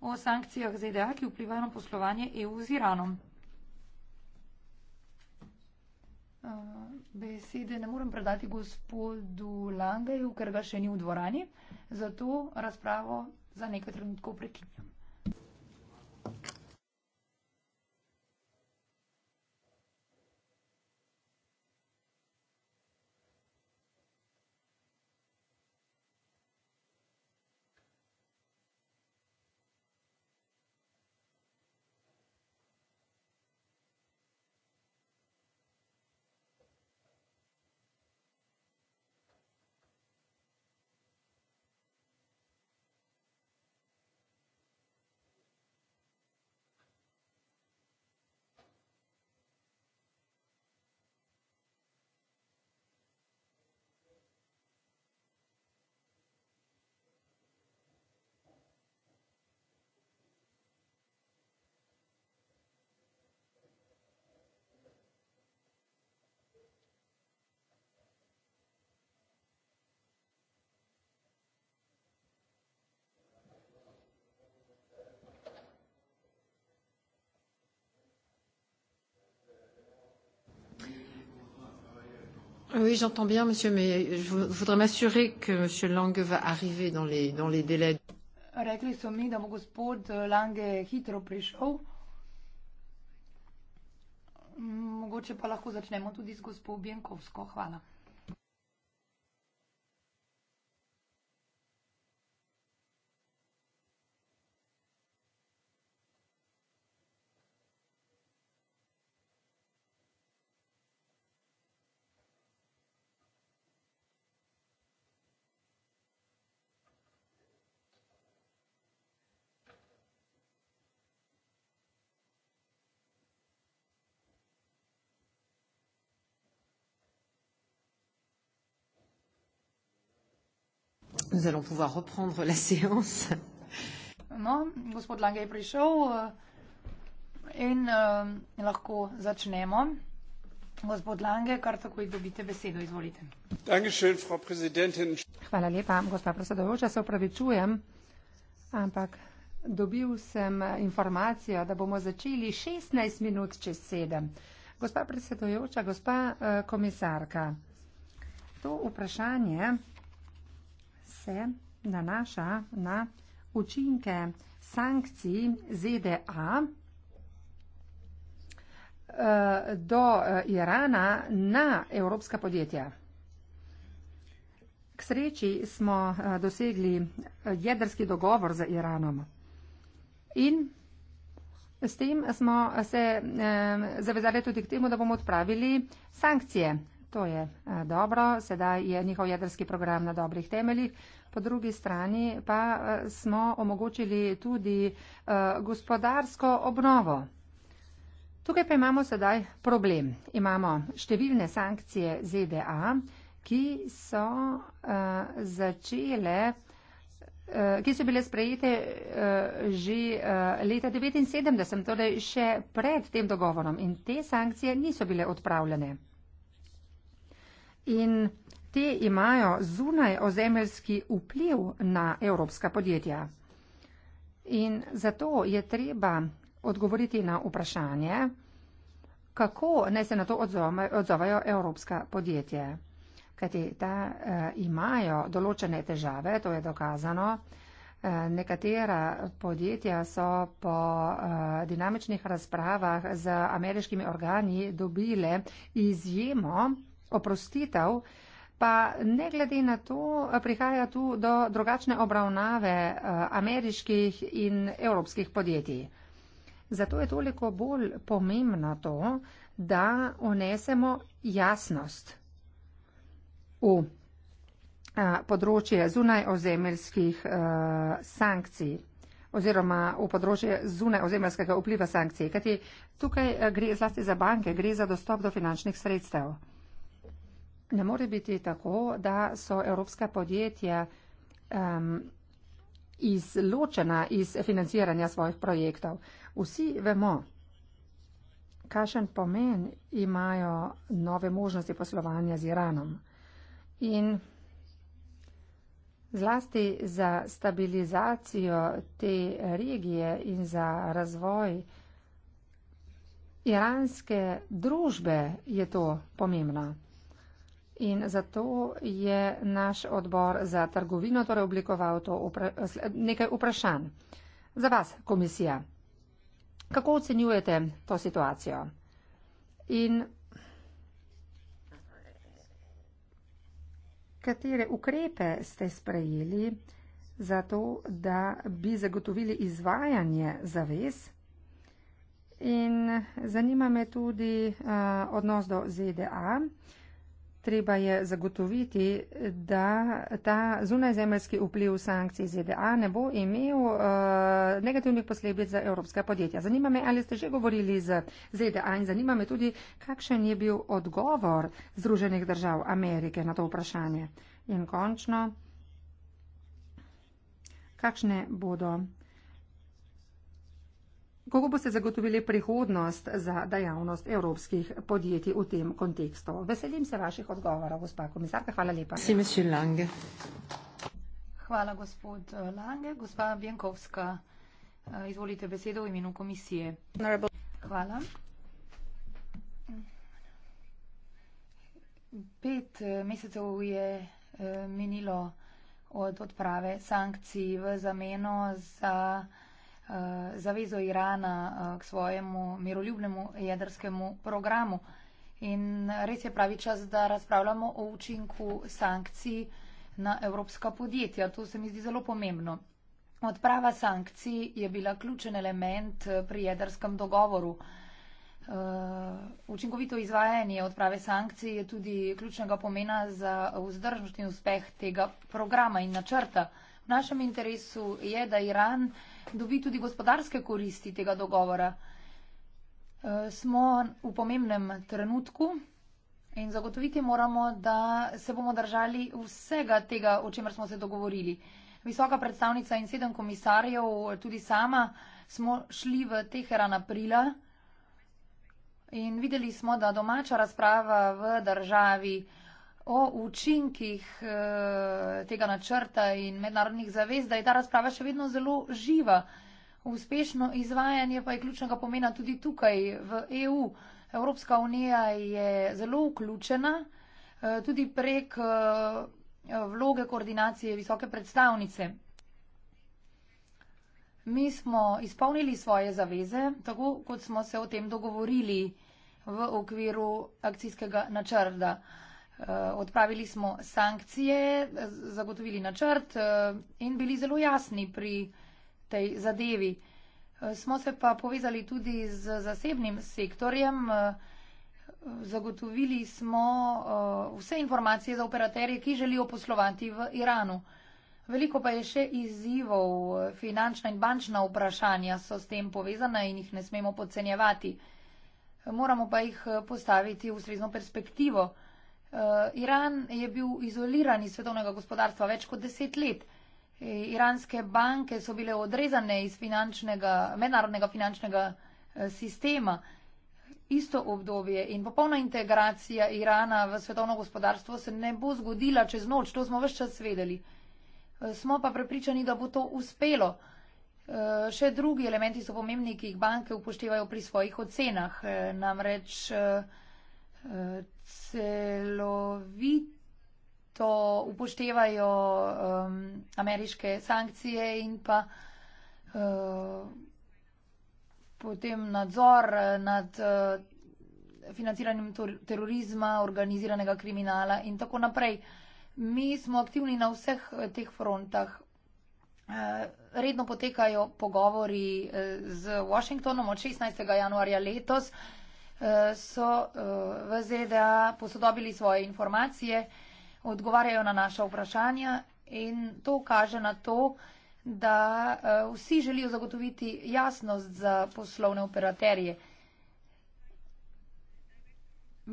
o sankcijah ZDA, ki vplivajo na poslovanje EU z Iranom. Eh, besede ne morem predati gospodu Langeju, ker ga še ni v dvorani, zato razpravo za nekaj trenutkov prekinjam. Oui, j'entends bien, monsieur, mais je voudrais m'assurer que monsieur Lange va arriver dans les, dans les délais. Rekli so mi, da bo gospod eh, Lange hitro prišel. Mogoče pa lahko začnemo tudi s gospod Bjenkovsko. Hvala. nous allons pouvoir reprendre la séance. Non, gospod Lange je prišel eh, in uh, lahko začnemo. Gospod Lange, kar takoj dobite besedo, izvolite. Dankeschön, Frau Präsidentin. Hvala lepa, gospa predsedujoča, se opravičujem, ampak dobil sem eh, informacijo, da bomo začeli 16 minut čez 7. Gospa predsedujoča, gospa uh, komisarka, to vprašanje se nanaša na učinke sankcij ZDA eh, do Irana na evropska podjetja. K sreči smo eh, dosegli jedrski dogovor z Iranom in s tem smo se eh, zavezali tudi k temu, da bomo odpravili sankcije To je dobro, sedaj je njihov jedrski program na dobrih temeljih. Po drugi strani pa smo omogočili tudi gospodarsko obnovo. Tukaj pa imamo sedaj problem. Imamo številne sankcije ZDA, ki so začele ki so bile sprejete že leta 1979, torej še pred tem dogovorom in te sankcije niso bile odpravljene in te imajo zunaj ozemeljski vpliv na evropska podjetja. In zato je treba odgovoriti na vprašanje, kako naj se na to odzovajo evropska podjetja. Kajti ta e, imajo določene težave, to je dokazano. E, nekatera podjetja so po e, dinamičnih razpravah z ameriškimi organi dobile izjemo oprostitev, pa ne glede na to prihaja tu do drugačne obravnave eh, ameriških in evropskih podjetij. Zato je toliko bolj pomembno to, da unesemo jasnost v eh, področje zunaj ozemeljskih eh, sankcij oziroma v področje zunaj ozemeljskega vpliva sankcij, kajti tukaj gre zlasti za banke, gre za dostop do finančnih sredstev ne more biti tako, da so evropska podjetja um, izločena iz financiranja svojih projektov. Vsi vemo, kakšen pomen imajo nove možnosti poslovanja z Iranom. In zlasti za stabilizacijo te regije in za razvoj iranske družbe je to pomembno. In zato je naš odbor za trgovino torej oblikoval to upra nekaj vprašanj. Za vas, komisija, kako ocenjujete to situacijo? In katere ukrepe ste sprejeli za to, da bi zagotovili izvajanje zavez? In zanima me tudi uh, odnos do ZDA. Uh, Treba je zagotoviti, da ta zunajzemljski vpliv sankcij ZDA ne bo imel uh, negativnih posledic za evropska podjetja. Zanima me, ali ste že govorili z ZDA in zanima me tudi, kakšen je bil odgovor Združenih držav Amerike na to vprašanje. In končno, kakšne bodo Kako boste zagotovili prihodnost za dejavnost evropskih podjetij v tem kontekstu? Veselim se vaših odgovorov, gospa komisarka. Hvala lepa. Hvala, gospod eh, Lange. Gospa Bjankovska, eh, izvolite besedo v imenu komisije. Hvala. Pet eh, mesecev je minilo od odprave sankcij v zameno za. Eh, zavezo Irana eh, k svojemu miroljubnemu jedrskemu programu. In res je pravi čas, da razpravljamo o učinku sankcij na evropska podjetja. To se mi zdi zelo pomembno. Odprava sankcij je bila ključen element eh, pri jedrskem dogovoru. Učinkovito izvajanje odprave sankcij je tudi ključnega pomena za vzdržnost in uspeh tega programa in načrta našem interesu je, da Iran dobi tudi gospodarske koristi tega dogovora. E, smo v pomembnem trenutku in zagotoviti moramo, da se bomo držali vsega tega, o čemer smo se dogovorili. Visoka predstavnica in sedem komisarjev, tudi sama, smo šli v Teheran aprila in videli smo, da domača razprava v državi o učinkih eh, tega načrta in mednarodnih zavez, da je ta razprava še vedno zelo živa. Uspešno izvajanje pa je ključnega pomena tudi tukaj v EU. Evropska unija je zelo vključena eh, tudi prek eh, vloge koordinacije visoke predstavnice. Mi smo izpolnili svoje zaveze, tako kot smo se o tem dogovorili v okviru akcijskega načrta. Eh, odpravili smo sankcije, zagotovili načrt eh, in bili zelo jasni pri tej zadevi. Eh, smo se pa povezali tudi z zasebnim sektorjem, zagotovili smo vse informacije za operaterje, ki želijo poslovati v Iranu. Veliko pa je še izzivov, finančna in bančna vprašanja so s tem povezana in jih ne smemo podcenjevati. Moramo pa jih postaviti v srezno perspektivo. Eh, Iran je bil izoliran iz svetovnega gospodarstva več kot deset let. Eh, iranske banke so bile odrezane iz finančnega, mednarodnega finančnega eh, sistema. Isto obdobje in popolna integracija Irana v svetovno gospodarstvo se ne bo zgodila čez noč, to smo vse čas vedeli. Smo pa prepričani, da bo to uspelo. Še drugi elementi so pomembni, ki jih banke upoštevajo pri svojih ocenah. Namreč celovito upoštevajo um, ameriške sankcije in pa uh, potem nadzor nad uh, financiranjem terorizma, organiziranega kriminala in tako naprej. Mi smo aktivni na vseh eh, teh frontah. Eh, redno potekajo pogovori eh, z Washingtonom od 16. januarja letos, so eh, v ZDA posodobili svoje informacije, odgovarjajo na naša vprašanja in to kaže na to, da eh, vsi želijo zagotoviti jasnost za poslovne operaterje.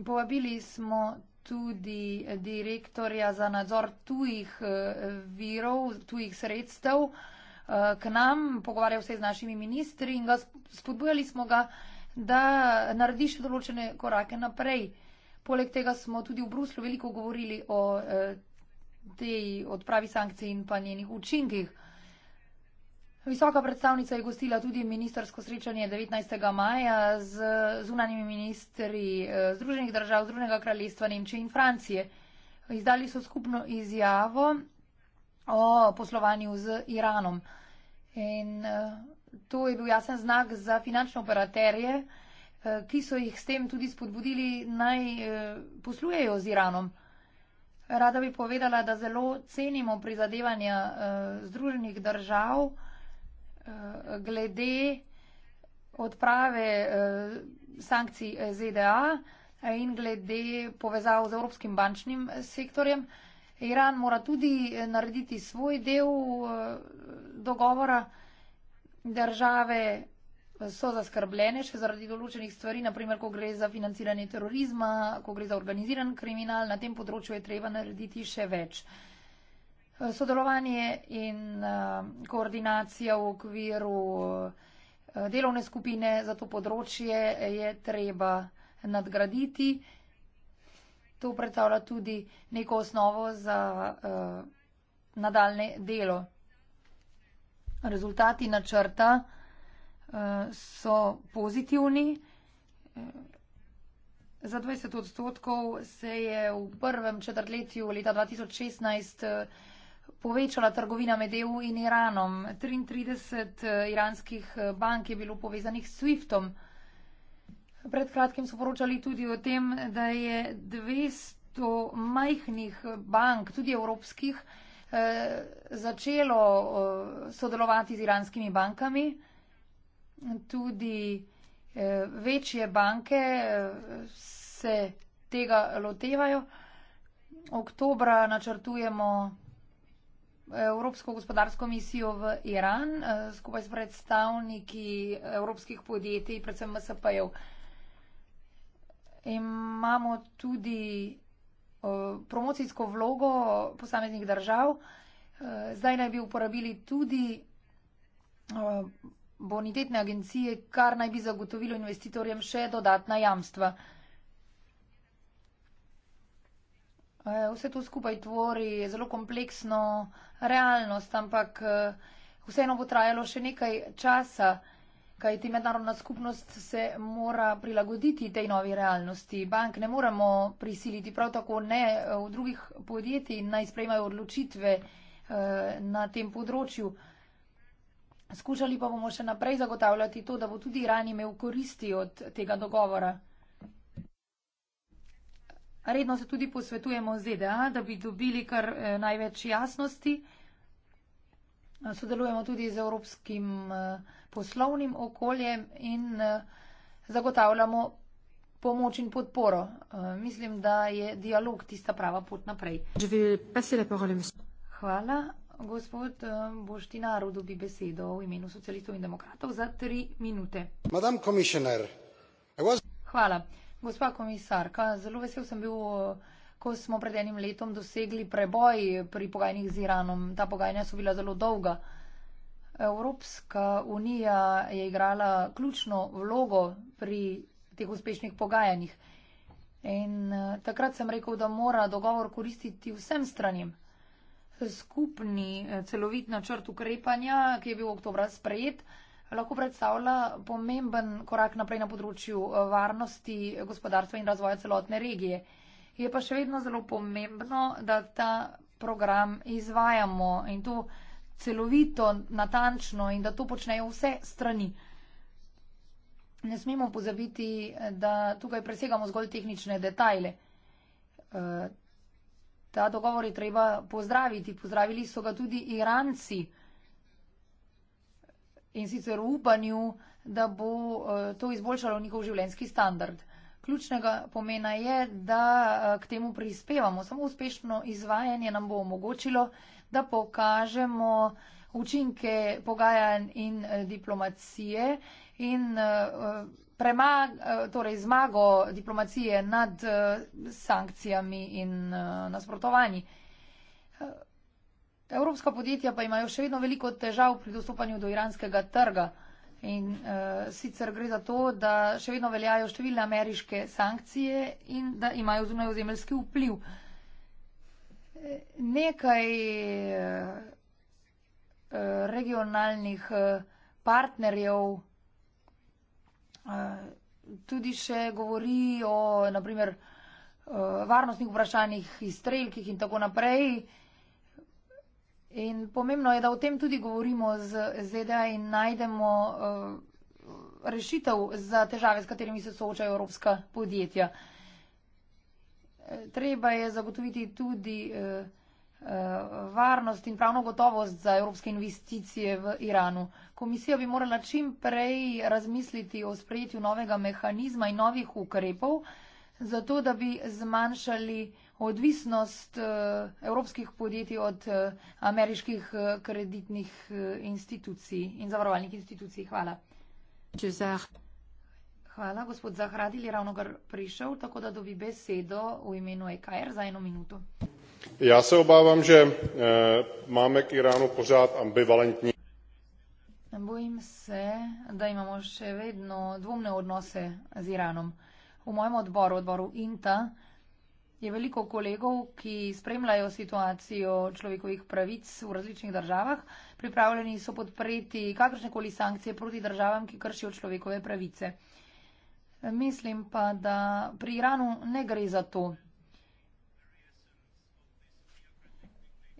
Povabili smo tudi direktorja za nadzor tujih eh, virov, tujih sredstev k nam, pogovarjal se je z našimi ministri in spodbujali smo ga, da da narediš določene korake naprej. Poleg tega smo tudi v Bruslu veliko govorili o eh, tej odpravi sankcij in pa njenih učinkih. Visoka predstavnica je gostila tudi ministersko srečanje 19. maja z zunanimi ministri eh, Združenih držav, Združenega kraljestva, Nemčije in Francije. Izdali so skupno izjavo o poslovanju z Iranom. In eh, To je bil jasen znak za finančne operaterje, eh, ki so jih s tem tudi spodbudili naj eh, poslujejo z Iranom. Rada bi povedala, da zelo cenimo prizadevanja eh, Združenih držav glede odprave sankcij ZDA in glede povezav z evropskim bančnim sektorjem. Iran mora tudi narediti svoj del dogovora države eh, so zaskrbljene še zaradi določenih stvari, naprimer, ko gre za financiranje terorizma, ko gre za organiziran kriminal, na tem področju je treba narediti še več. Eh, sodelovanje in eh, koordinacija v okviru delovne skupine za to področje je treba nadgraditi. To predstavlja tudi neko osnovo za nadaljne delo rezultati načrta eh, so pozitivni. Eh, za 20 odstotkov se je v prvem četrtletju leta 2016 eh, povečala trgovina med EU in Iranom. 33 iranskih bank je bilo povezanih s SWIFTom. Pred kratkim so poročali tudi o tem, da je 200 majhnih bank, tudi evropskih, Eh, začelo eh, sodelovati z iranskimi bankami. Tudi eh, večje banke se tega lotevajo. Oktobra načrtujemo Evropsko gospodarsko misijo v Iran skupaj s predstavniki evropskih podjetij, predvsem MSP-jev. Imamo tudi Eh, promocijsko vlogo posameznih držav. Eh, zdaj naj bi uporabili tudi eh, bonitetne agencije, kar naj bi zagotovilo investitorjem še dodatna jamstva. Vse to skupaj tvori zelo kompleksno realnost, ampak vseeno bo trajalo še nekaj časa. Kajti mednarodna skupnost se mora prilagoditi tej novi realnosti. Bank ne moremo prisiliti, prav tako ne eh, v drugih podjetij, naj sprejmajo odločitve eh, na tem področju. Skušali pa bomo še naprej zagotavljati to, da bo tudi Iran imel koristi od tega dogovora. Redno se tudi posvetujemo z ZDA, da bi dobili kar eh, največ jasnosti. Sodelujemo tudi z Evropskim poslovnim okoljem in eh, zagotavljamo pomoč in podporo. Eh, mislim, da je dialog tista prava pot naprej. Hvala. Gospod eh, Boštinaru dobi besedo v imenu socialistov in demokratov za tri minute. Was... Hvala. Gospa komisarka, zelo vesel sem bil, ko smo pred enim letom dosegli preboj pri pogajanjih z Iranom. Ta pogajanja so bila zelo dolga. Evropska unija je igrala ključno vlogo pri teh uspešnih pogajanjih. In eh, takrat sem rekel, da mora dogovor koristiti vsem stranim. Skupni eh, celovit načrt ukrepanja, ki je bil oktobra sprejet, lahko predstavlja pomemben korak naprej na področju eh, varnosti, gospodarstva in razvoja celotne regije. Je pa še vedno zelo pomembno, da ta program izvajamo in to celovito, natančno in da to počnejo vse strani. Ne smemo pozabiti, da tukaj presegamo zgolj tehnične detajle. Eh, ta dogovor je treba pozdraviti. Pozdravili so ga tudi Iranci in sicer v upanju, da bo eh, to izboljšalo njihov življenski standard. Ključnega pomena je, da eh, k temu prispevamo. Samo uspešno izvajanje nam bo omogočilo, da pokažemo učinke pogajanj in eh, diplomacije in eh, premag, eh, torej zmago diplomacije nad sankcijami in nasprotovanji. Evropska podjetja pa imajo še vedno veliko težav pri dostopanju do iranskega trga. In uh, sicer gre za to, da še vedno veljajo številne ameriške sankcije in da imajo zunaj ozemeljski vpliv. Uh, nekaj eh, eh, regionalnih eh, partnerjev tudi še govori o, naprimer, varnostnih vprašanjih, izstrelkih in tako naprej. In pomembno je, da o tem tudi govorimo z ZDA in najdemo rešitev za težave, s katerimi se soočajo evropska podjetja. Treba je zagotoviti tudi eh, eh, varnost in pravno gotovost za evropske investicije v Iranu. Komisija bi morala čim prej razmisliti o sprejetju novega mehanizma in novih ukrepov, zato da bi zmanjšali odvisnost eh, evropskih podjetij od ameriških kreditnih institucij in zavarovalnih institucij. Hvala. Čezah. Hvala, gospod Zahradil je ravno kar prišel, tako da dobi besedo v imenu EKR za eno minuto. Ja se obavam, že eh, máme k Iránu pořád ambivalentní. Bojim se, da imamo še vedno dvomne odnose z Iranom. V mojem odboru, odboru INTA, je veliko kolegov, ki spremljajo situacijo človekovih pravic v različnih državah. Pripravljeni so podpreti kakršnekoli sankcije proti državam, ki kršijo človekove pravice. Mislim pa, da pri Iranu ne gre za to.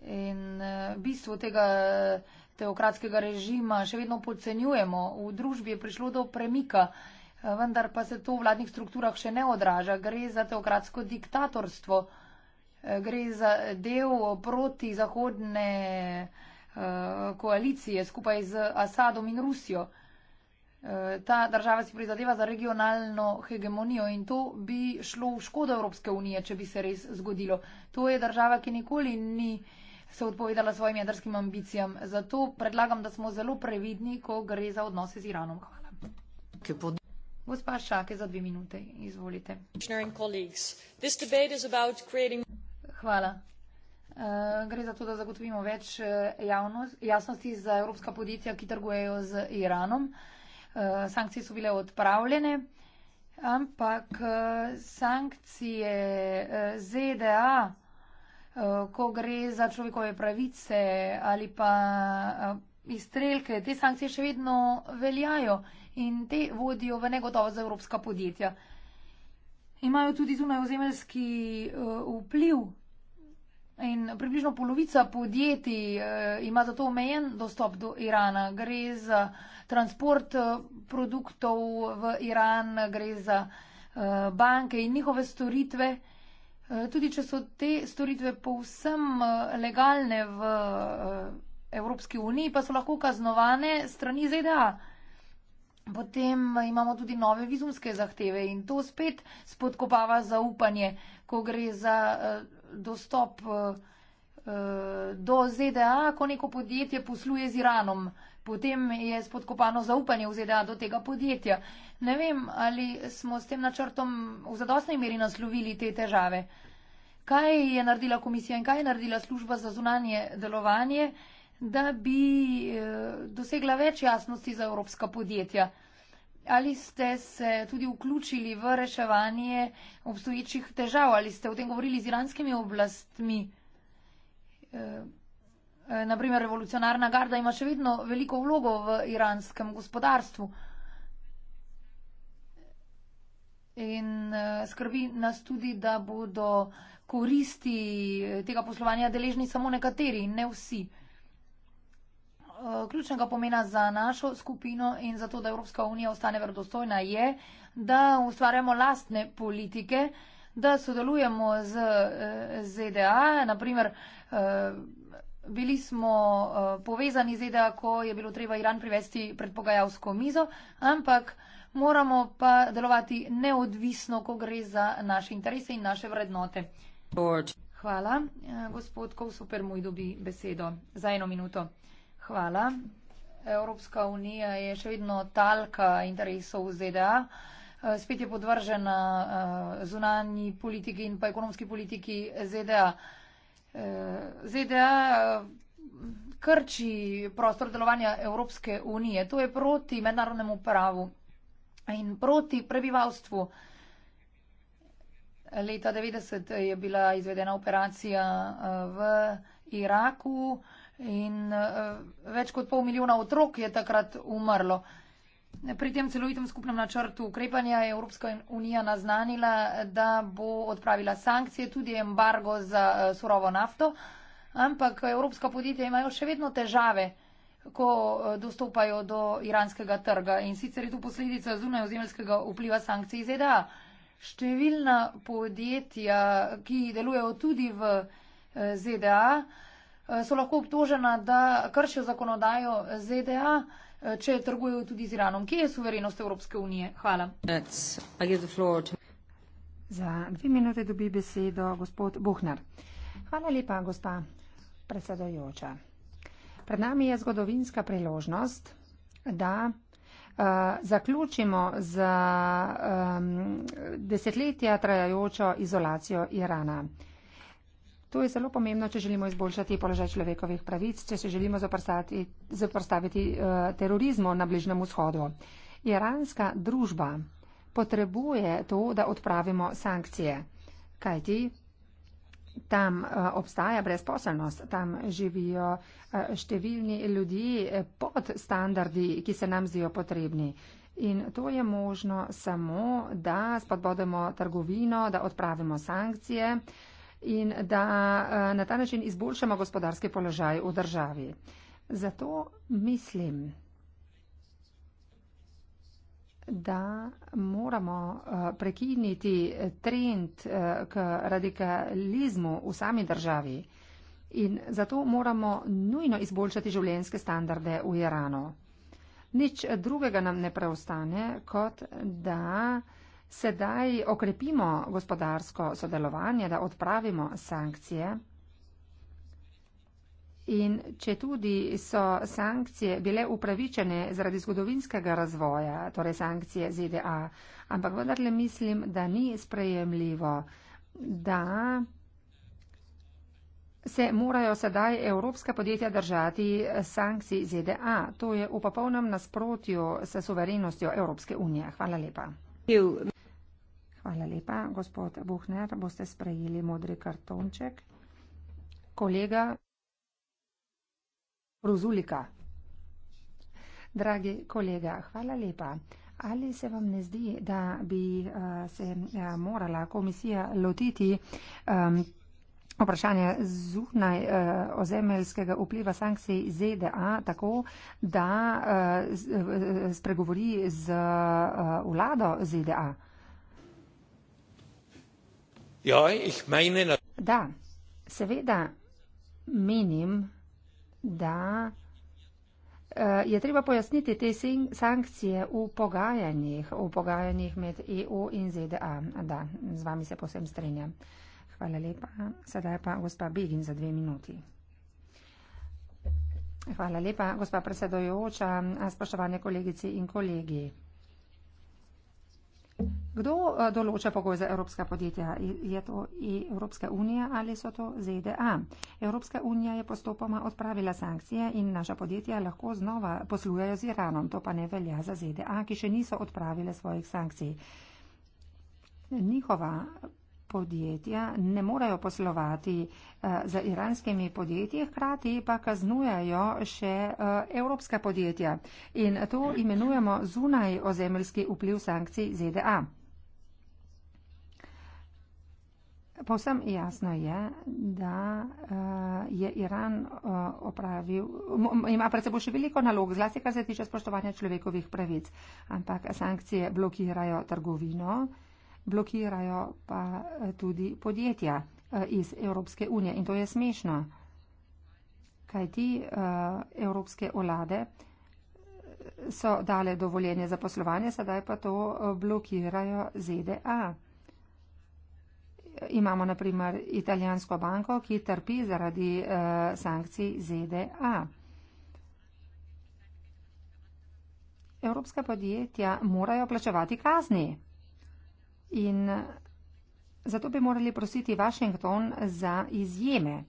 In v eh, bistvu tega teokratskega režima še vedno podcenjujemo. V družbi je prišlo do premika, eh, vendar pa se to v vladnih strukturah še ne odraža. Gre za teokratsko diktatorstvo, eh, gre za del proti zahodne koalicije skupaj z Asadom in Rusijo. Eh, ta država si prizadeva za regionalno hegemonijo in to bi šlo v škodo Evropske unije, če bi se res zgodilo. To je država, ki nikoli ni se odpovedala svojim jedrskim ambicijam. Zato predlagam, da smo zelo previdni, ko gre za odnose z Iranom. Hvala. Gospa Šake, za dve minute, izvolite. Hvala. Eh, gre za to, da zagotovimo več eh, javnosti za evropska podjetja, ki trgujejo z Iranom. Eh, sankcije so bile odpravljene, ampak eh, sankcije eh, ZDA, ko gre za človekove pravice ali pa izstrelke, te sankcije še vedno veljajo in te vodijo v negotovo za evropska podjetja. Imajo tudi zunaj ozemeljski vpliv In približno polovica podjetij eh, ima zato omejen dostop do Irana. Gre za transport eh, produktov v Iran, gre za eh, banke in njihove storitve. Tudi če so te storitve povsem legalne v Evropski uniji, pa so lahko kaznovane strani ZDA. Potem imamo tudi nove vizumske zahteve in to spet spodkopava zaupanje, ko gre za dostop eh, eh, do ZDA, ko neko podjetje posluje z Iranom. Potem je spodkopano zaupanje v ZDA do tega podjetja. Ne vem, ali smo s tem načrtom v zadostni meri naslovili te težave. Kaj je naredila komisija in kaj je naredila služba za zunanje delovanje, da bi eh, dosegla več jasnosti za evropska podjetja? ali ste se tudi vključili v reševanje obstoječih težav, ali ste o tem govorili z iranskimi oblastmi? Eh, Naprimer, revolucionarna garda ima še vedno veliko vlogo v iranskem gospodarstvu in eh, skrbi nas tudi, da bodo koristi eh, tega poslovanja deležni samo nekateri in ne vsi. Eh, ključnega pomena za našo skupino in za to, da Evropska unija ostane verodostojna, je, da ustvarjamo lastne politike, da sodelujemo z eh, ZDA. Naprimer, eh, bili smo povezani z ZDA, ko je bilo treba Iran privesti pred pogajalsko mizo, ampak moramo pa delovati neodvisno, ko gre za naše interese in naše vrednote. George. Hvala. Gospod Kovsuper, moj dobi besedo za eno minuto. Hvala. Evropska unija je še vedno talka interesov ZDA. Eh, spet je podvržena eh, zunanji politiki in pa ekonomski politiki ZDA. Eh, ZDA krči prostor delovanja Evropske unije. To je proti mednarodnemu pravu in proti prebivalstvu. Leta 1990 je bila izvedena operacija v Iraku in uh, več kot pol milijona otrok je takrat umrlo. Pri tem celovitem skupnem načrtu ukrepanja je Evropska unija naznanila, da bo odpravila sankcije, tudi embargo za uh, surovo nafto, ampak evropska podjetja imajo še vedno težave, ko uh, dostopajo do iranskega trga in sicer je tu posledica zunajozemljskega vpliva sankcij iz EDA. Številna podjetja, ki delujejo tudi v ZDA, uh, Eh, so lahko obtožena, da kršijo zakonodajo ZDA, eh, če trgujejo tudi z Iranom. Kje je suverenost Evropske unije? Hvala. Za dve minute dobi besedo gospod Buhner. Hvala lepa, gospa predsedajoča. Pred nami je zgodovinska priložnost, da uh, zaključimo z um, desetletja trajajočo izolacijo Irana. To je zelo pomembno, če želimo izboljšati položaj človekovih pravic, če se želimo zaprstaviti uh, eh, terorizmu na Bližnem vzhodu. Iranska družba potrebuje to, da odpravimo sankcije, kajti tam uh, obstaja brezposelnost, tam živijo uh, številni ljudje pod standardi, ki se nam zdijo potrebni. In to je možno samo, da spodbodemo trgovino, da odpravimo sankcije. Uh, in da eh, na ta način izboljšamo gospodarski položaj v državi. Zato mislim, da moramo eh, prekiniti trend eh, k radikalizmu v sami državi in zato moramo nujno izboljšati življenjske standarde v Iranu. Nič drugega nam ne preostane, kot da uh, sedaj okrepimo gospodarsko sodelovanje, da odpravimo sankcije. In če tudi so sankcije bile upravičene zaradi zgodovinskega razvoja, torej sankcije ZDA, ampak vendarle mislim, da ni sprejemljivo, da se morajo sedaj evropska podjetja držati sankcij ZDA. To je v popolnem nasprotju s suverenostjo Evropske unije. Hvala lepa. Hvala. Hvala lepa. Gospod Buhner, boste sprejeli modri kartonček. Kolega Rozulika. Dragi kolega, hvala lepa. Ali se vam ne zdi, da bi eh, se eh, morala komisija lotiti vprašanja zunaj eh, ozemeljskega vpliva sankcij ZDA tako, da spregovori z vlado ZDA? Ja, da, seveda menim, da eh, je treba pojasniti te sankcije v pogajanjih, v pogajanjih med EU in ZDA. Da, z vami se posem strinjam. Hvala lepa. Sedaj pa gospa Begin za dve minuti. Hvala lepa, gospa predsedojoča, spoštovane kolegice in kolegi. Kdo eh, določa pogoj za evropska podjetja? Je to e Evropska unija ali so to ZDA? Evropska unija je postopoma odpravila sankcije in naša podjetja lahko znova poslujajo z Iranom. To pa ne velja za ZDA, ki še niso odpravile svojih sankcij. Njihova podjetja ne morejo poslovati eh, z iranskimi podjetji, hkrati pa kaznujejo še eh, evropska podjetja. In to imenujemo zunaj ozemeljski vpliv sankcij ZDA. Povsem jasno je, da eh, je Iran eh, opravil, ima pred seboj še veliko nalog, zlasti kar se tiče spoštovanja človekovih pravic, ampak sankcije blokirajo trgovino, blokirajo pa eh, tudi podjetja iz Evropske unije in to je smešno, kaj ti evropske olade so dale dovoljenje za poslovanje, sedaj pa to blokirajo ZDA imamo naprimer italijansko banko, ki trpi zaradi uh, sankcij ZDA. Evropska podjetja morajo plačevati kazni in eh, zato bi morali prositi Washington za izjeme.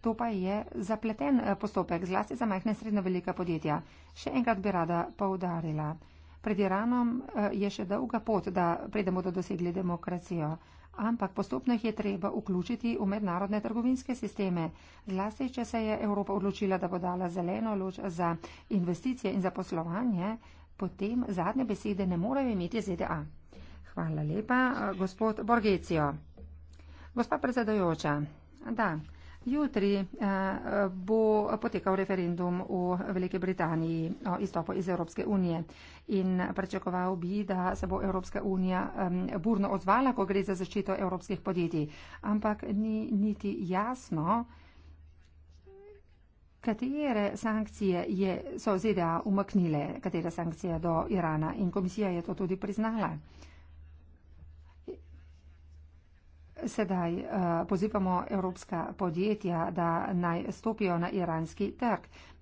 To pa je zapleten eh, postopek, zlasti za majhne in srednjo velika podjetja. Še enkrat bi rada poudarila. Pred Iranom je še dolga pot, da predemo do dosegli demokracijo ampak postopno jih je treba vključiti v mednarodne trgovinske sisteme. Zlasti, če se je Evropa odločila, da bo dala zeleno luč za investicije in za poslovanje, potem zadnje besede ne morejo imeti ZDA. Hvala lepa, gospod Borgecijo. Gospa predsedajoča, da, Jutri eh, bo potekal referendum v Veliki Britaniji o izstopu iz Evropske unije in pričakoval bi, da se bo Evropska unija burno odzvala, ko gre za zaščito evropskih podjetij. Ampak ni niti jasno, katere sankcije je, so ZDA umaknile, katere sankcije do Irana in komisija je to tudi priznala. Sedaj eh, pozivamo evropska podjetja, da naj stopijo na iranski trg.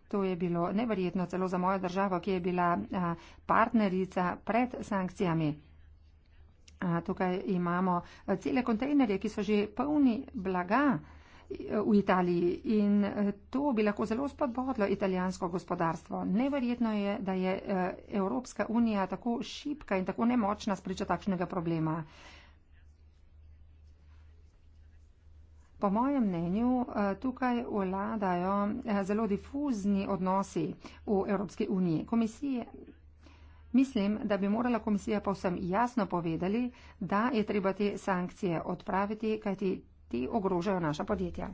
To je bilo neverjetno celo za mojo državo, ki je bila eh, partnerica pred sankcijami. Eh, tukaj imamo cele kontejnerje, ki so že polni blaga v Italiji in to bi lahko zelo spodbodlo italijansko gospodarstvo. Neverjetno je, da je Evropska unija tako šipka in tako nemočna spriča takšnega problema. Po mojem mnenju eh, tukaj vladajo eh, zelo difuzni odnosi v Evropski uniji. Komisije. Mislim, da bi morala komisija povsem jasno povedali, da je treba te sankcije odpraviti, kajti ti ogrožajo naša podjetja.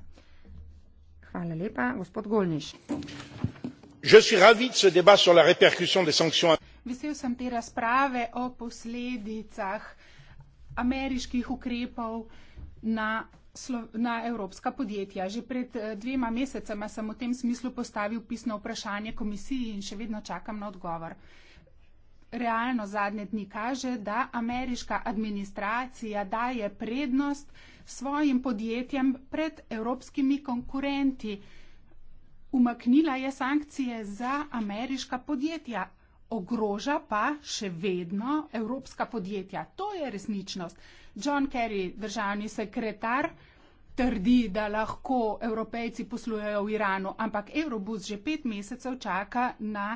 Hvala lepa, gospod Golniš. Vesel sem te razprave o posledicah ameriških ukrepov na na evropska podjetja. Že pred eh, dvema mesecema sem v tem smislu postavil pisno vprašanje komisiji in še vedno čakam na odgovor. Realno zadnje dni kaže, da ameriška administracija daje prednost svojim podjetjem pred evropskimi konkurenti. Umaknila je sankcije za ameriška podjetja ogroža pa še vedno evropska podjetja. To je resničnost. John Kerry, državni sekretar, trdi, da lahko evropejci poslujejo v Iranu, ampak Eurobus že pet mesecev čaka na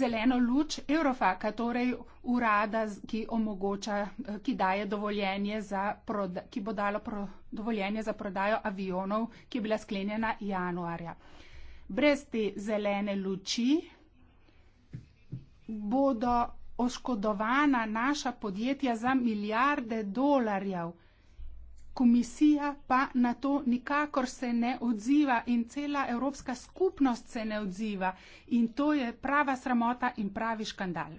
zeleno luč Eurofaka, torej urada, ki omogoča, ki daje dovoljenje za, proda, ki bo dalo pro, dovoljenje za prodajo avionov, ki je bila sklenjena januarja. Brez te zelene luči bodo oškodovana naša podjetja za milijarde dolarjev. Komisija pa na to nikakor se ne odziva in cela Evropska skupnost se ne odziva. In to je prava sramota in pravi škandal.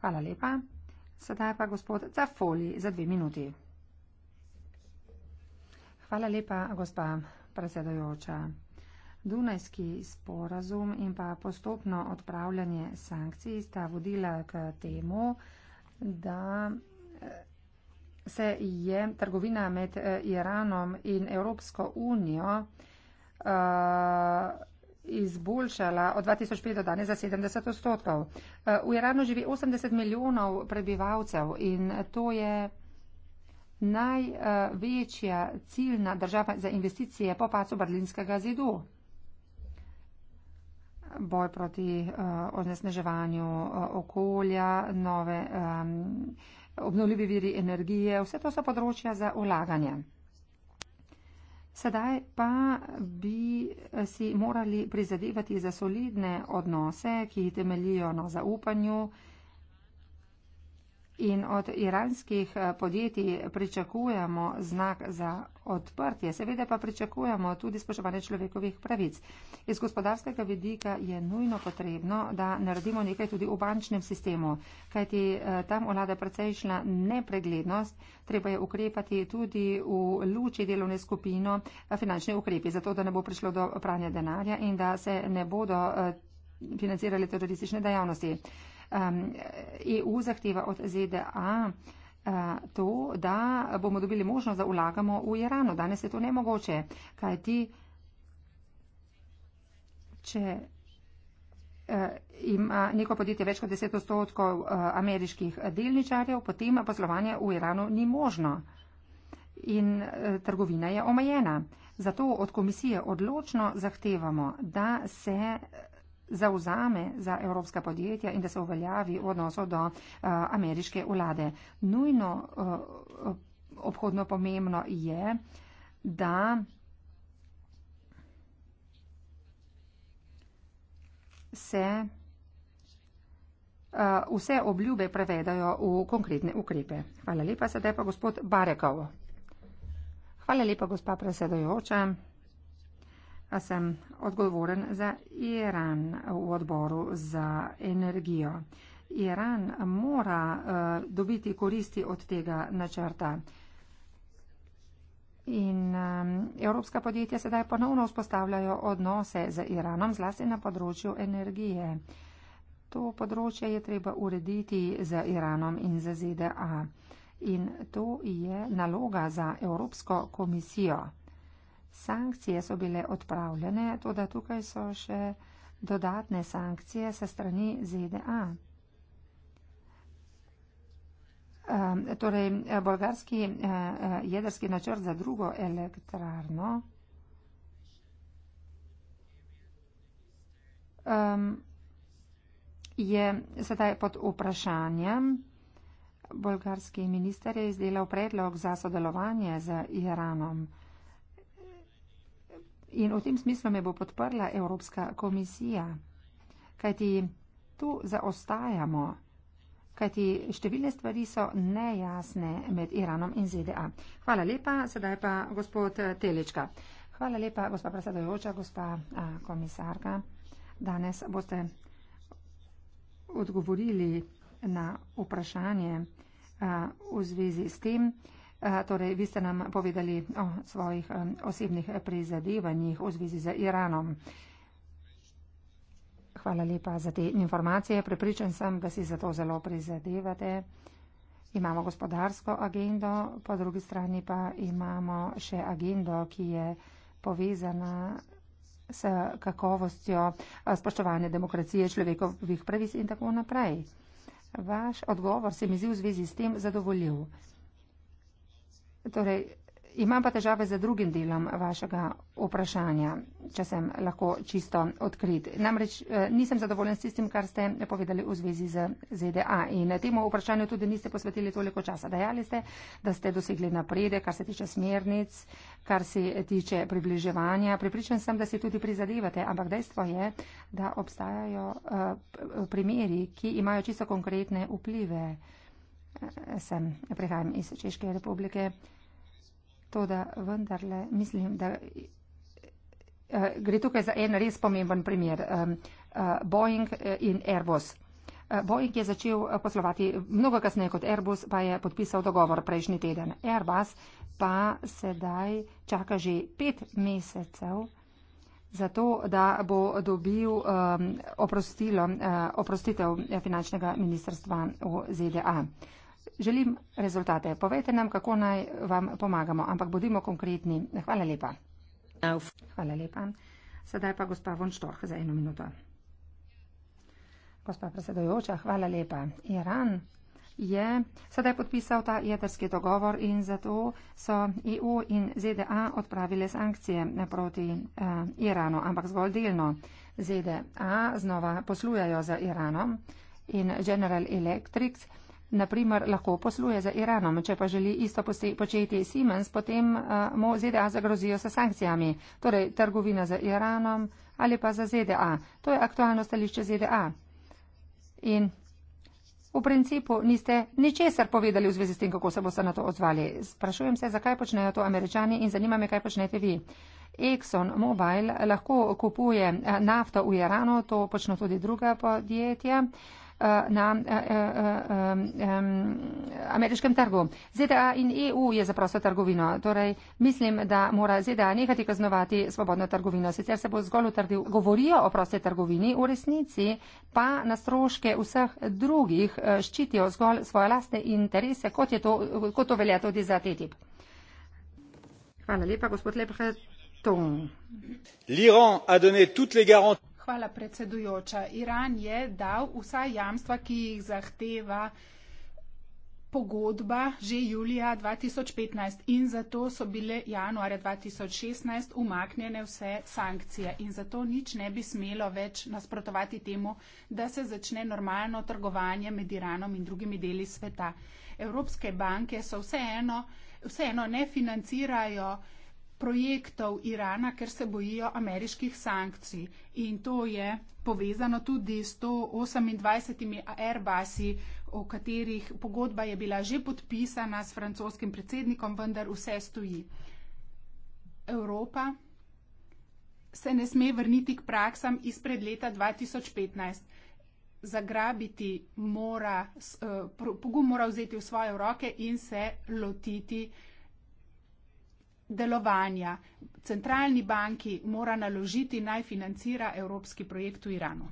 Hvala lepa. Sedaj pa gospod Zafoli za dve minuti. Hvala lepa, gospa predsedojoča. Dunajski sporazum in pa postopno odpravljanje sankcij sta vodila k temu, da se je trgovina med eh, Iranom in Evropsko unijo eh, izboljšala od 2005 do danes za 70 odstotkov. Eh, v Iranu živi 80 milijonov prebivalcev in to je največja ciljna država za investicije po pacu Berlinskega zidu boj proti uh, eh, onesneževanju uh, eh, okolja, nove um, obnovljivi viri energije, vse to so področja za ulaganje. Sedaj pa bi si morali prizadevati za solidne odnose, ki temelijo na zaupanju, uh, in od iranskih eh, podjetij pričakujemo znak za odprtje. Seveda pa pričakujemo tudi spoštovanje človekovih pravic. Iz gospodarskega vidika je nujno potrebno, da naredimo nekaj tudi v bančnem sistemu, kajti eh, tam vlada precejšna nepreglednost, treba je ukrepati tudi v luči delovne skupino eh, finančne ukrepe, zato da ne bo prišlo do pranja denarja in da se ne bodo financirali teroristične dejavnosti um, EU zahteva od ZDA uh, to, da bomo dobili možnost, da vlagamo v Irano. Danes je to nemogoče, kaj ti, če uh, ima neko podjetje več kot 10 odstotkov uh, ameriških delničarjev, potem poslovanje v Iranu ni možno in trgovina je omejena. Zato od komisije odločno zahtevamo, da se zauzame za evropska podjetja in da se uveljavi v odnosu do eh, ameriške vlade. Nujno eh, obhodno pomembno je, da se eh, vse obljube prevedajo v konkretne ukrepe. Hvala lepa, sedaj pa gospod Barekov. Hvala lepa, gospa predsedojoča sem odgovoren za Iran v odboru za energijo. Iran mora uh, dobiti koristi od tega načrta. In um, evropska podjetja sedaj ponovno vzpostavljajo odnose z Iranom, zlasti na področju energije. To področje je treba urediti z Iranom in z ZDA. In to je naloga za Evropsko komisijo. Sankcije so bile odpravljene, tudi tukaj so še dodatne sankcije se strani ZDA. Torej, bolgarski eh, eh, jedrski načrt za drugo elektrarno je sedaj pod vprašanjem. Bolgarski minister je izdelal predlog za sodelovanje z Iranom. In v tem smislu me bo podprla Evropska komisija, kajti tu zaostajamo, kajti številne stvari so nejasne med Iranom in ZDA. Hvala lepa, sedaj pa gospod Telečka. Hvala lepa, gospa predsedojoča, gospa a, komisarka. Danes boste odgovorili na vprašanje a, v zvezi s tem. Eh, torej, vi ste nam povedali o svojih eh, osebnih eh, prizadevanjih v zvezi z Iranom. Hvala lepa za te informacije. Prepričan sem, da si za to zelo prizadevate. Imamo gospodarsko agendo, po drugi strani pa imamo še agendo, ki je povezana s kakovostjo spoštovanja demokracije, človekovih pravic in tako naprej. Vaš odgovor se mi zdi v zvezi s tem zadovoljiv. Torej, imam pa težave za drugim delom vašega vprašanja, če sem lahko čisto odkrit. Namreč eh, nisem zadovoljen s tistim, kar ste povedali v zvezi z ZDA in temu vprašanju tudi niste posvetili toliko časa. Dajali ste, da ste dosegli naprede, kar se tiče smernic, kar se tiče približevanja. Pripričan sem, da si tudi prizadevate, ampak dejstvo je, da obstajajo eh, primeri, ki imajo čisto konkretne vplive sem, prihajam iz Češke republike. To, da vendarle mislim, da eh, gre tukaj za en res pomemben primer. Eh, eh, Boeing in Airbus. Boeing je začel poslovati mnogo kasneje kot Airbus, pa je podpisal dogovor prejšnji teden. Airbus pa sedaj čaka že pet mesecev za to, da bo dobil oprostilo, oprostitev finančnega ministrstva v ZDA želim rezultate. Povejte nam, kako naj vam pomagamo, ampak bodimo konkretni. Hvala lepa. Hvala lepa. Sedaj pa gospa Von Štorh za eno minuto. Gospa predsedojoča, hvala lepa. Iran je sedaj podpisal ta jedrski dogovor in zato so EU in ZDA odpravile sankcije proti eh, Iranu, ampak zgolj delno. ZDA znova poslujajo za Iranom in General Electric naprimer lahko posluje z Iranom. Če pa želi isto početi Siemens, potem eh, mu ZDA zagrozijo s sankcijami, torej trgovina z Iranom ali pa za ZDA. To je aktualno stališče ZDA. In v principu niste ničesar povedali v zvezi s tem, kako se boste na to odzvali. Sprašujem se, zakaj počnejo to američani in zanima me, kaj počnete vi. Exxon Mobil lahko kupuje eh, nafto v Iranu, to počno tudi druga podjetja. Uh, Eh, na eh, eh, ameriškem trgu. ZDA in EU je za prosto trgovino. Torej, mislim, da mora ZDA nekati kaznovati svobodno trgovino. Sicer se bo zgolj utrdil, govorijo o proste trgovini, v resnici pa na stroške vseh drugih ščitijo zgolj svoje lastne interese, kot, to, kot to velja tudi za TTIP. Hvala lepa, gospod Lepreton. L'Iran a donné toutes les garanties. Hvala, predsedujoča. Iran je dal vsa jamstva, ki jih zahteva pogodba že julija 2015 in zato so bile januarja 2016 umaknjene vse sankcije in zato nič ne bi smelo več nasprotovati temu, da se začne normalno trgovanje med Iranom in drugimi deli sveta. Evropske banke so vseeno, vseeno ne financirajo projektov Irana, ker se bojijo ameriških sankcij. In to je povezano tudi s 128 Airbusi, o katerih pogodba je bila že podpisana s francoskim predsednikom, vendar vse stoji. Evropa se ne sme vrniti k praksam izpred leta 2015. Zagrabiti mora, eh, pogum mora vzeti v svoje roke in se lotiti delovanja. Centralni banki mora naložiti naj financira evropski projekt v Iranu.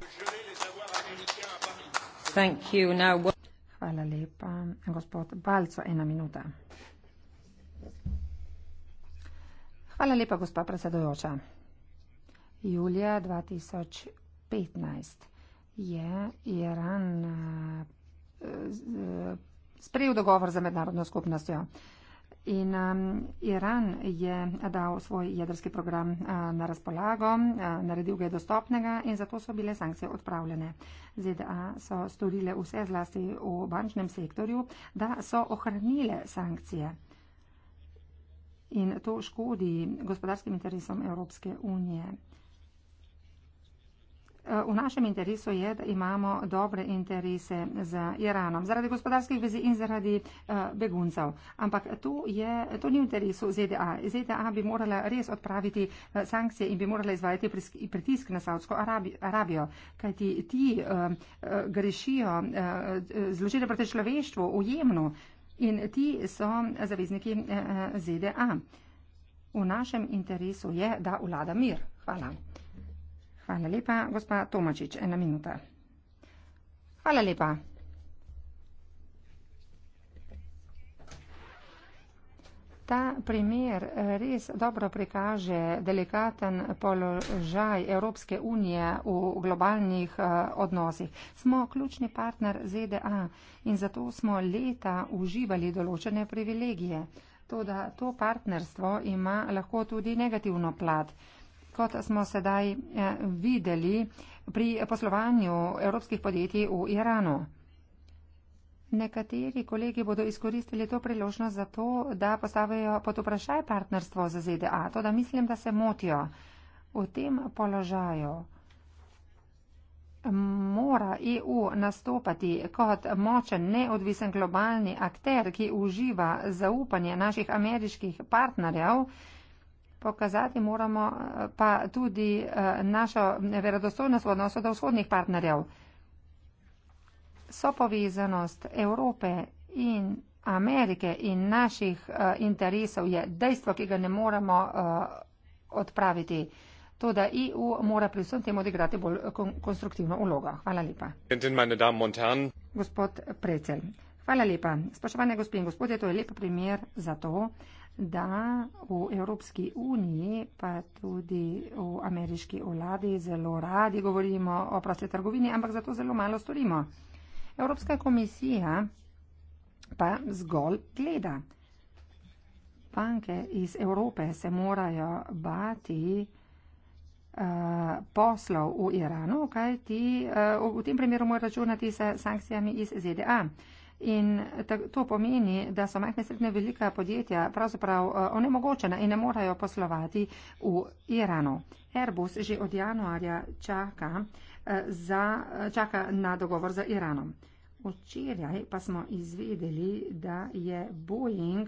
Hvala lepa, gospod Balco, ena minuta. Hvala lepa, gospa predsedojoča. Julija 2015 je Iran eh, sprejel dogovor za mednarodno skupnostjo. In um, Iran je dal svoj jedrski program uh, na razpolago, uh, naredil ga je dostopnega in zato so bile sankcije odpravljene. ZDA so storile vse zlasti v bančnem sektorju, da so ohranile sankcije. In to škodi gospodarskim interesom Evropske unije. V našem interesu je, da imamo dobre interese z Iranom, zaradi gospodarskih vezi in zaradi eh, beguncev. Ampak to, je, to ni v interesu ZDA. ZDA bi morala res odpraviti eh, sankcije in bi morala izvajati pritisk na Saudsko Arabijo, kajti ti eh, grešijo zločine proti človeštvu v Jemnu in ti so zavezniki ZDA. V našem interesu je, da vlada mir. Hvala. Hvala lepa, gospa Tomačič, ena minuta. Hvala lepa. Ta primer res dobro prikaže delikaten položaj Evropske unije v globalnih eh, odnosih. Smo ključni partner ZDA in zato smo leta uživali določene privilegije. To, da to partnerstvo ima lahko tudi negativno plat kot smo sedaj eh, videli pri poslovanju evropskih podjetij v Iranu. Nekateri kolegi bodo izkoristili to priložnost za to, da postavijo pod vprašaj partnerstvo za ZDA, to da mislim, da se motijo v tem položaju. Mora EU nastopati kot močen, neodvisen globalni akter, ki uživa zaupanje naših ameriških partnerjev pokazati moramo eh, pa tudi eh, našo verodostojnost v odnosu do vzhodnih partnerjev. Sopovezanost Evrope in Amerike in naših eh, interesov je dejstvo, ki ga ne moremo odpraviti. To, da EU mora pri vsem tem odigrati bolj konstruktivno vlogo. Hvala lepa. Gospod Precel, hvala lepa. Spoštovane gospe in gospodje, to je lep primer za to, da v Evropski uniji, pa tudi v ameriški vladi zelo radi govorimo o proste trgovini, ampak zato zelo malo storimo. Evropska komisija pa zgolj gleda. Banke iz Evrope se morajo bati uh, poslov v Iranu, kaj ti uh, eh, v tem primeru mora računati s sankcijami iz ZDA. In to pomeni, da so majhne srednje velika podjetja pravzaprav eh, onemogočena in ne morajo poslovati v Iranu. Airbus že od januarja čaka, eh, za, eh, čaka na dogovor z Iranom. Včeraj pa smo izvedeli, da je Boeing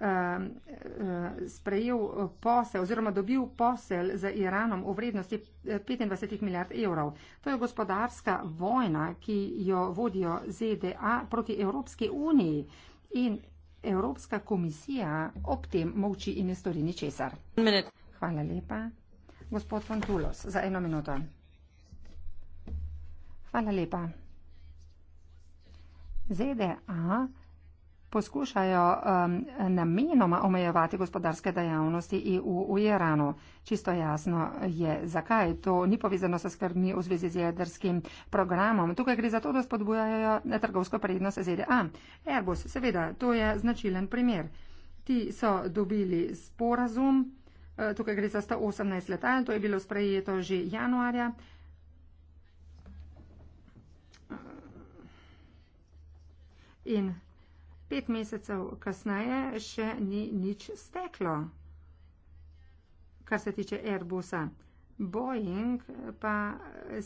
Um, uh, sprejel posel oziroma dobil posel z Iranom v vrednosti 25 eh, milijard evrov. To je gospodarska vojna, ki jo vodijo ZDA proti Evropski uniji in Evropska komisija ob tem molči in ne stori ničesar. Hvala lepa. Gospod Fontulos, za eno minuto. Hvala lepa. ZDA poskušajo um, namenoma omejevati gospodarske dejavnosti EU v Iranu. Čisto jasno je, zakaj. To ni povezano s skrbmi v zvezi z jedrskim programom. Tukaj gre za to, da spodbujajo trgovsko prednost ZDA. Airbus, seveda, to je značilen primer. Ti so dobili sporazum, eh, tukaj gre za 118 letal, to je bilo sprejeto že januarja. In Pet mesecev kasneje še ni nič steklo, kar se tiče Airbusa. Boeing pa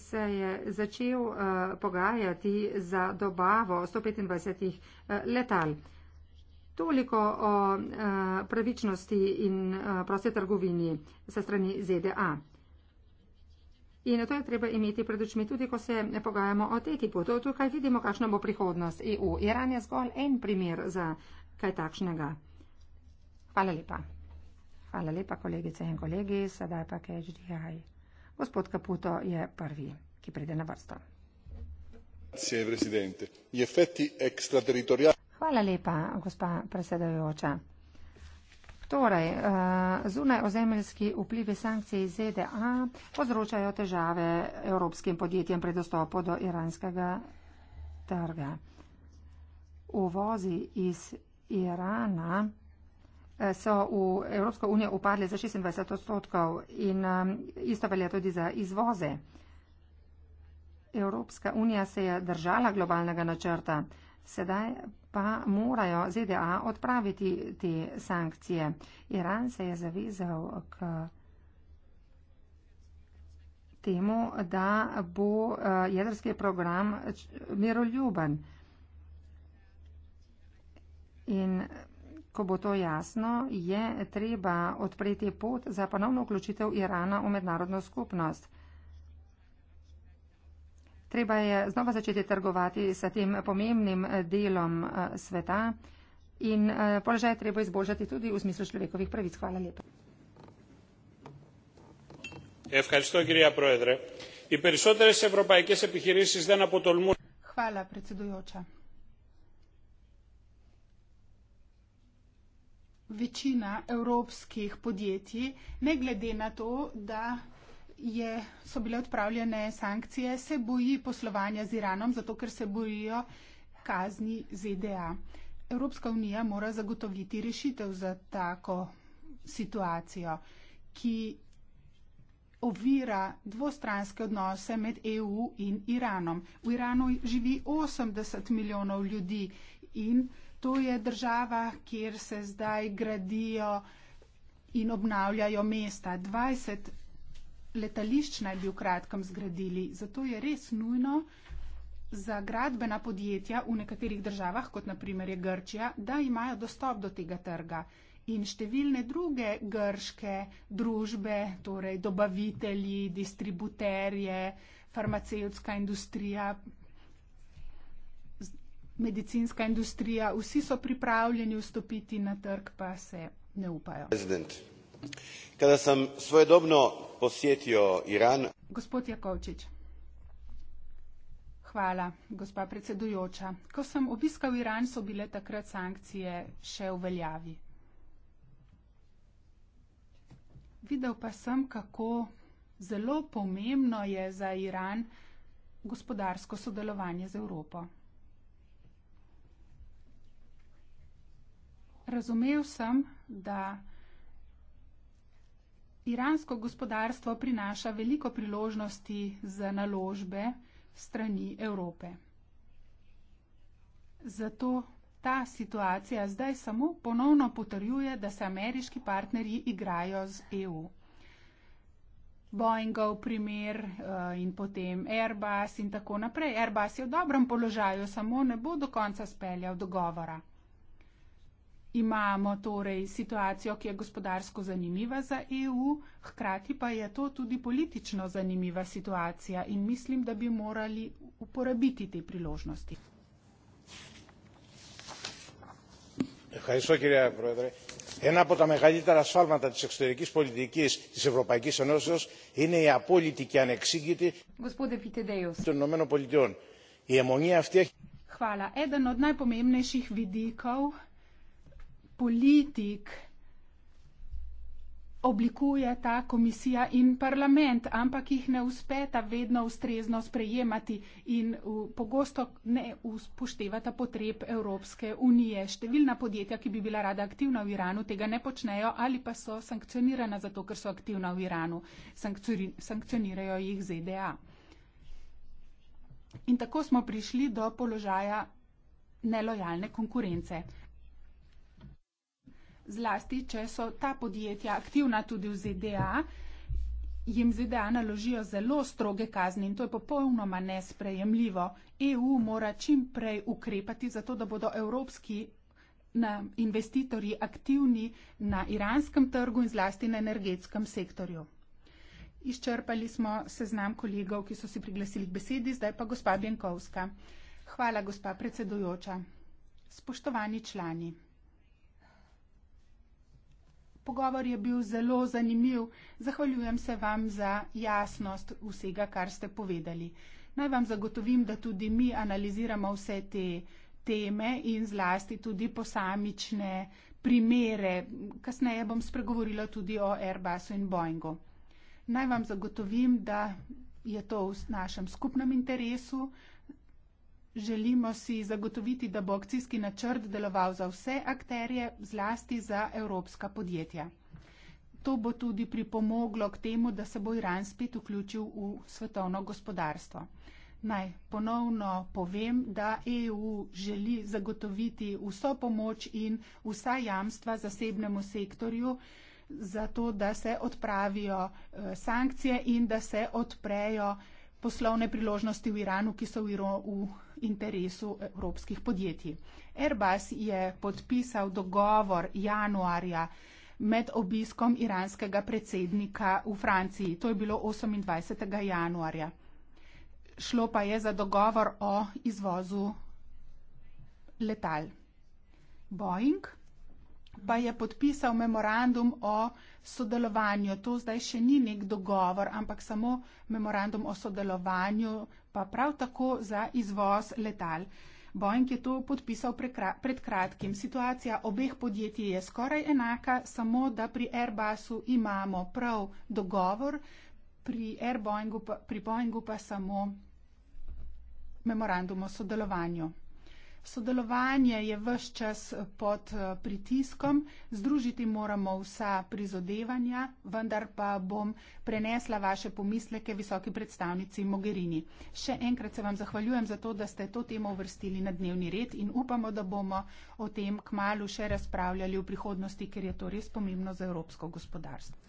se je začel uh, pogajati za dobavo 125 uh, eh, letal. Toliko o uh, pravičnosti in uh, proste trgovini se strani ZDA. In to je treba imeti pred očmi tudi, ko se pogajamo o tej tipu. To tukaj vidimo, kakšna bo prihodnost EU. Iran je zgolj en primer za kaj takšnega. Hvala lepa. Hvala lepa, kolegice in kolegi. Sedaj pa KHDI. Gospod Kaputo je prvi, ki pride na vrsto. Hvala lepa, gospa predsedajoča. Torej, eh, zunaj ozemeljski vplivi sankcij ZDA povzročajo težave evropskim podjetjem pri dostopu do iranskega trga. Uvozi iz Irana eh, so v Evropsko unijo upadli za 26 odstotkov in eh, isto velja tudi za izvoze. Evropska unija se je držala globalnega načrta. Sedaj pa morajo ZDA odpraviti te sankcije. Iran se je zavezal k temu, da bo eh, jedrski program eh, miroljuben. In ko bo to jasno, je treba odpreti pot za ponovno vključitev Irana v mednarodno skupnost. Treba je znova začeti trgovati s tem pomembnim eh, delom eh, sveta in eh, položaj treba izboljšati tudi v smislu človekovih pravic. Hvala lepa. Ευχαριστώ κυρία Πρόεδρε. Οι περισσότερες ευρωπαϊκές επιχειρήσεις δεν αποτολμούν... Χάλα, πρετσιδουλιότσα. Βεκίνα ευρώπσκιχ ποδιέτη, με γλεδί να το, δα... Da je, so bile odpravljene sankcije, se boji poslovanja z Iranom, zato ker se bojijo kazni ZDA. Evropska unija mora zagotoviti rešitev za tako situacijo, ki ovira dvostranske odnose med EU in Iranom. V Iranu živi 80 milijonov ljudi in to je država, kjer se zdaj gradijo in obnavljajo mesta. 20 letališč naj bi v kratkem zgradili. Zato je res nujno za gradbena podjetja v nekaterih državah, kot naprimer je Grčija, da imajo dostop do tega trga. In številne druge grške družbe, torej dobavitelji, distributerje, farmacevtska industrija, medicinska industrija, vsi so pripravljeni vstopiti na trg, pa se ne upajo. Kada sam svojedobno posjetio Iran. Gospod Jakovčič. Hvala, gospa predsedujoča. Ko sem obiskal Iran, so bile takrat sankcije še v veljavi. Videl pa sem, kako zelo pomembno je za Iran gospodarsko sodelovanje z Evropo. Razumev sem, da Iransko gospodarstvo prinaša veliko priložnosti za naložbe strani Evrope. Zato ta situacija zdaj samo ponovno potrjuje, da se ameriški partnerji igrajo z EU. Boeingov primer eh, in potem Airbus in tako naprej. Airbus je v dobrem položaju, samo ne bo do konca speljal dogovora imamo torej situacijo, ki je gospodarsko zanimiva za EU, hkrati pa je to tudi politično zanimiva situacija in mislim, da bi morali uporabiti te priložnosti. Hvala, gospod predsednik. Ένα από τα μεγαλύτερα σφάλματα της εξωτερικής πολιτικής της Ευρωπαϊκής Ενώσεως είναι η απόλυτη και ανεξήγητη των Ηνωμένων Πολιτειών. Η αιμονία αυτή έχει... Χβάλα. Έναν από τα μεγαλύτερα σφάλματα της εξωτερικής πολιτικής της Ευρωπαϊκής Ενώσεως είναι η απόλυτη και ανεξήγητη των Ηνωμένων Πολιτειών. Η αιμονία αυτή έχει politik oblikuje ta komisija in parlament, ampak jih ne uspeta vedno ustrezno sprejemati in uh, pogosto ne upoštevata potreb Evropske unije. Številna podjetja, ki bi bila rada aktivna v Iranu, tega ne počnejo ali pa so sankcionirana zato, ker so aktivna v Iranu. Sankcionirajo jih ZDA. In tako smo prišli do položaja nelojalne konkurence zlasti, če so ta podjetja aktivna tudi v ZDA, jim ZDA naložijo zelo stroge kazni in to je popolnoma nesprejemljivo. EU mora čim prej ukrepati zato, da bodo evropski investitorji aktivni na iranskem trgu in zlasti na energetskem sektorju. Izčrpali smo seznam kolegov, ki so si priglasili k besedi, zdaj pa gospa Bjenkovska. Hvala, gospa predsedujoča. Spoštovani člani. Pogovor je bil zelo zanimiv. Zahvaljujem se vam za jasnost vsega, kar ste povedali. Naj vam zagotovim, da tudi mi analiziramo vse te teme in zlasti tudi posamične primere. Kasneje bom spregovorila tudi o Airbusu in Boeingu. Naj vam zagotovim, da je to v našem skupnem interesu. Želimo si zagotoviti, da bo akcijski načrt deloval za vse akterje, zlasti za evropska podjetja. To bo tudi pripomoglo k temu, da se bo Iran spet vključil v svetovno gospodarstvo. Naj ponovno povem, da EU želi zagotoviti vso pomoč in vsa jamstva zasebnemu sektorju za to, da se odpravijo eh, sankcije in da se odprejo poslovne priložnosti v Iranu, ki so v interesu evropskih podjetij. Airbus je podpisal dogovor januarja med obiskom iranskega predsednika v Franciji. To je bilo 28. januarja. Šlo pa je za dogovor o izvozu letal. Boeing pa je podpisal memorandum o sodelovanju. To zdaj še ni nek dogovor, ampak samo memorandum o sodelovanju, pa prav tako za izvoz letal. Boeing je to podpisal pred kratkim. Situacija obeh podjetij je skoraj enaka, samo da pri Airbusu imamo prav dogovor, pri, pa, pri Boeingu pa samo memorandum o sodelovanju. Sodelovanje je vse čas pod eh, pritiskom, združiti moramo vsa prizadevanja, vendar pa bom prenesla vaše pomisleke visoki predstavnici Mogherini. Še enkrat se vam zahvaljujem za to, da ste to temo uvrstili na dnevni red in upamo, da bomo o tem kmalo še razpravljali v prihodnosti, ker je to res pomembno za evropsko gospodarstvo.